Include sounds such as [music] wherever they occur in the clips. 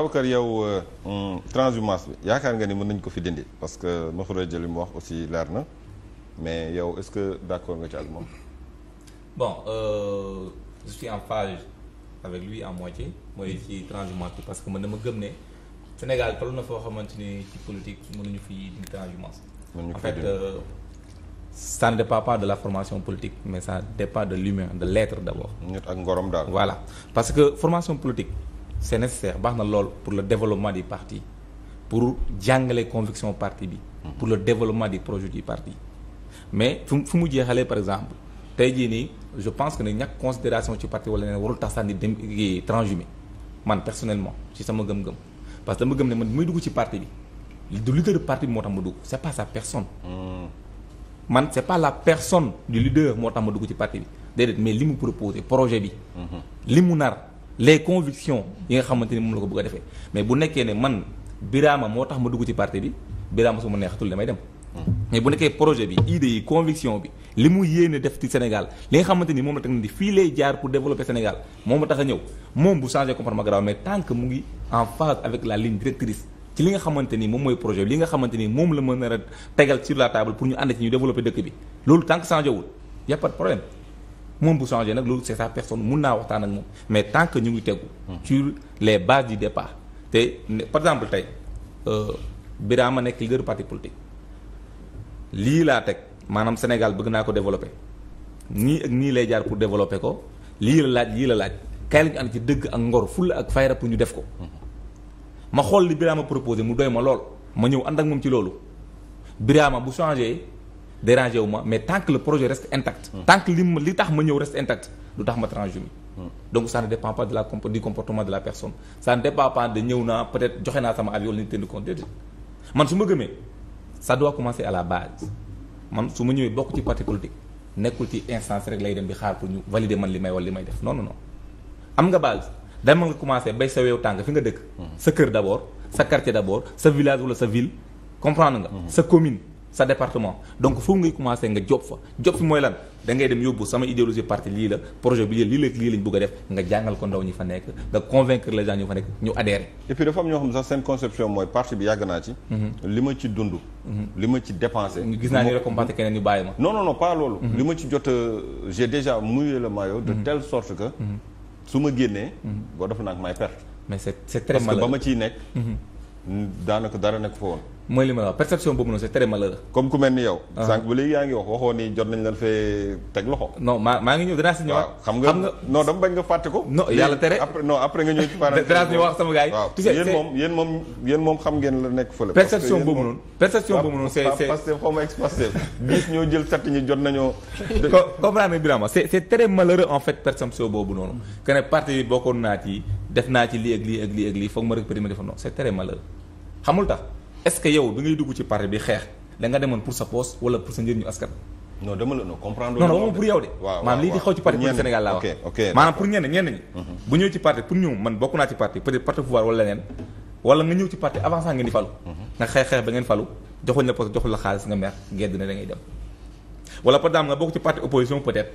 kër yow euh, transhumance bi yaakaar nga ni mën nañ ko fi dindi parce que Makhoury Diallo mu wax aussi leer na mais yow est-ce que d'accord nga ci ak moom. bon euh, je suis en phase avec lui en moitié mooy ci transhumance bi parce que man dama gëm ne Sénégal toll na foo xamante ni ci politique mënuñu fi dindi transhumance. en ñu euh, ça ne dépend pas de la formation politique mais ça dépend de l'humain de l'être d'abord. nit ak ngorom daal. voilà parce que formation politique. c'est nécessaire baax na lool pour le développement du parti pour jàngale conviction parti bi pour le développement du projet du parti mais fu fu mu jeexalee par exemple tey jii nii je pense que ne ñàkk considération ci parti wala neen warul tax sax ni dem transhumé man personnellement ci sama gëm-gëm parce que dama gëm ne man muy dugg ci parti bi du leader parti bi moo tax ma dugg c'est pas sa personne hmm. man c'est pas la personne du leader moo tax ma dugg ci parti bi déedéet mais li mu proposé projet bi hmm. les convictions yi nga xamante ni moom la ko bëgg a defee mais bu nekkee ne man Birama moo tax ma dugg ci parti bi Birama su ma neexatul damay dem. mais bu nekkee projet bi idée yi conviction bi li mu yéene def ci Sénégal li nga xamante ni moom la teg ni fii lay jaar pour développer Sénégal moom ma tax a ñëw moom bu changé comportement grave mais tant que mu ngi en phase avec la ligne directrice. ci li nga xamante ni moom mooy projet bi li nga xamante ni moom la mën a tegal sur la table pour ñu ànd ci ñu bi loolu tant que changé wul y moom bu changé nag loolu c'est sa personne mun naa waxtaan ak moom mais tant que ñu ngi tegu. sur les bases du départ. te par exemple tey euh, Birama nekk leader parti politique lii laa teg maanaam Sénégal bëgg naa ko développer nii nii lay jaar pour développer ko lii la laaj lii la laaj kaay la ñu ànd ci dëgg ak ngor fulla ak fayra pour ñu def ko. ma xool li Birama proposé mu doy ma lool ma ñëw ànd ak moom ci loolu Birama bu changé. dérangé wu mais tant que le projet reste intact. tant que li ma li tax ma ñëw reste intact du tax ma transhumé. donc ça ne dépend pas de la du comportement de la personne ça ne dépend pas de ñëw naa peut-être joxe naa sama avis wala ñu tendu compte déedéet man à la base man su ma ñëwee bokk ci parti politique nekkul ci instance rek lay dem di xaar pour ñu valider man li may wala li may def non non non am nga base ma nga commencé bay sa weew tànk fi nga dëkk. sa kër d'abord sa quartier d'abord sa village wala sa ville nga. commune. sa département donc foofu ngay commencé nga job fa job fi mooy lan da ngay dem yóbbu sama idéologie parti lii la projet bi lii la lii lañ bëgg a def nga jàngal ko ndaw ñi fa nekk nga convaincre les gens ñu fa nekk ñu adhérer. et dafa am ñoo xam sax seen conception mooy parti bi yàgg naa ci. Mhm. li ma ci dund. Mhm. li ma ci dépensé. gis naa ñu récompenser keneen ñu bàyyi ma. non non non pas loolu. Mhm. li ma ci jot j'ai déjà mouillé le maillot. de telle sorte que. su ma génnee. boo def naa may perte. mais ma ciy nekk. daanaka dara nekk fa woon. mooy li ma wax perception boobu noonu c'est très malheureux. comme ku mel ni yow. Ah. sànq ba yaa ngi wax waxoo ni jot nañ leen fee teg loxo. non maa maa ngi ñëw dinaa si ñëwaat. xam nga non dama bañ nga fàtte ko. non yàlla tere après non si nekk fële. perception boobu noonu perception boobu noonu c'est c'est Pastef xaw ma ex-Pastef bis ñoo jël sat ñi jot nañoo. [laughs] comprendre Birama c'est c'est très malheureux en fait perception boobu noonu. que ne parti bi bokkoon naa ci def naa ci lii ak lii ak lii ak lii foog ma récupérer ma defoon non c'est très malheureux xamul tax est-ce que yow bi ngay dugg ci parti bi xeex da nga demoon pour sa poste wala pour sa njëriñu askan. non dama la non comprendre. non non waxuma pour yow de. waaw maanaam lii di xaw ci parti politique Sénégal laa wax. maanaam pour ñenn ñenn ñi. Mhm. bu ñëw ci parti pour ñëw man bokk naa ci parti peut-être parti pouvoir wala leneen. wala nga ñëw ci parti avant sax ngeen di falu. Mhm. nga xeex xeex ba ngeen falu joxuñ la poste joxuñ la xaalis nga mer gedd na da ngay dem. wala par exemple nga bokk ci parti opposition peut-être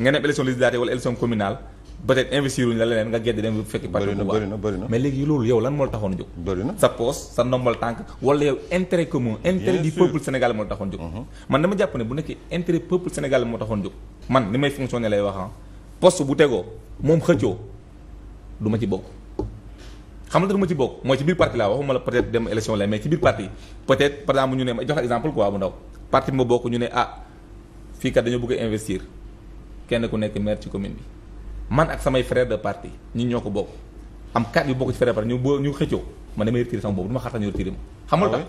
nga dem élection législative wala élection communale peut-être investir wuñ la leneen nga gedd dem fekk parti bu baax mais léegi loolu yow lan moo la taxoon jóg bëri na sa poos sa ndombal tànk wala yow intérêt commun intérêt du peuple sénégalais moo la taxoon jóg mhm. man dama jàpp ne bu nekkee intérêt peuple sénégalais moo taxoon jóg man ni may fonctionner lay wax ah poste bu tegoo moom xëccoo du ma ci bokk xam nga du ma ci bokk mooy ci biir parti laa waxuma la peut-être dem élection la mais ci biir parti peut-être par exemple ñu ne ma jox la exemple ne ah fii kat dañoo a investir kenn ku nekk maire commune bi man ak samay frère de parti ñi ñoo ko bokk am quatre yu bokk ci frère de parti ñu bo ñu xëccoo man damay retiré sama boobu du ma xaar ñu retiré ma. xamul ah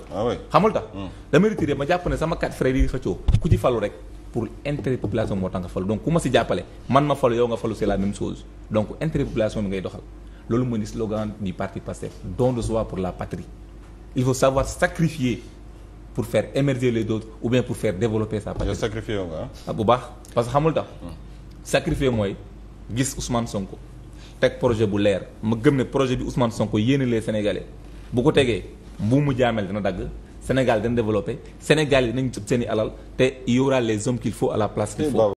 ah hmm. ma jàpp ne sama quatre frères yi xëccoo ku ci falu rek pour intérêt population moo tax nga falu donc ku ma si jàppale man ma falu yow nga falu c'est la même chose donc intérêt population bi ngay doxal loolu mooy ni slogan du parti Pastef don de soi pour la patrie il faut savoir sacrifier pour faire émerger les autres ou bien pour faire développer sa patrie. yow sacrifié ah? bu baax parce que xamul tax. Hmm. sacrifié mooy. gis Ousmane sonk teg projet bu leer ma gëm ne projet bi Ousmane Sonko yéene les Sénégalais bu ko tegee mbuumu jaamel dina dagg Sénégal dina développé Sénégal yi dinañ jot seen i alal te y aura les hommes qu'il faut à la place qu'il faut